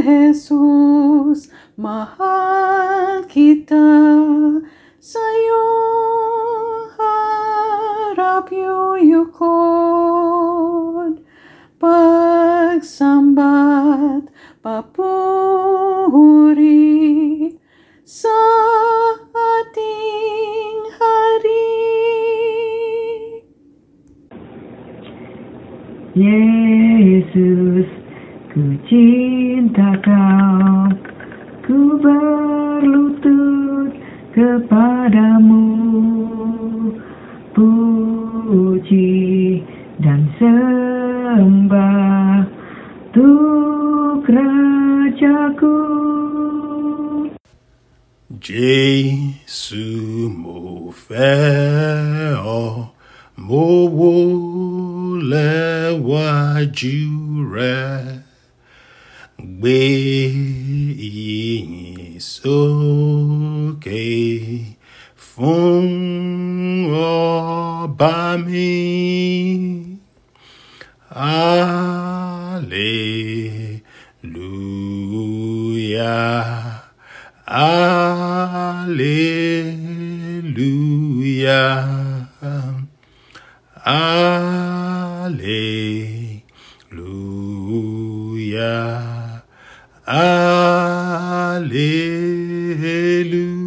Jesus, mahal kita sa iyong harap yuyukod. Pagsambat, papuri sa ating hari. Jesus, Ku cinta kau, ku berlutut kepadamu. Puji dan sembah tuk Rajaku. Jesus mo fẹ́ mo Gbé ìyìn sókè fún ọba mi. Hallelujah. Hallelujah. Hallelujah. Alléluia.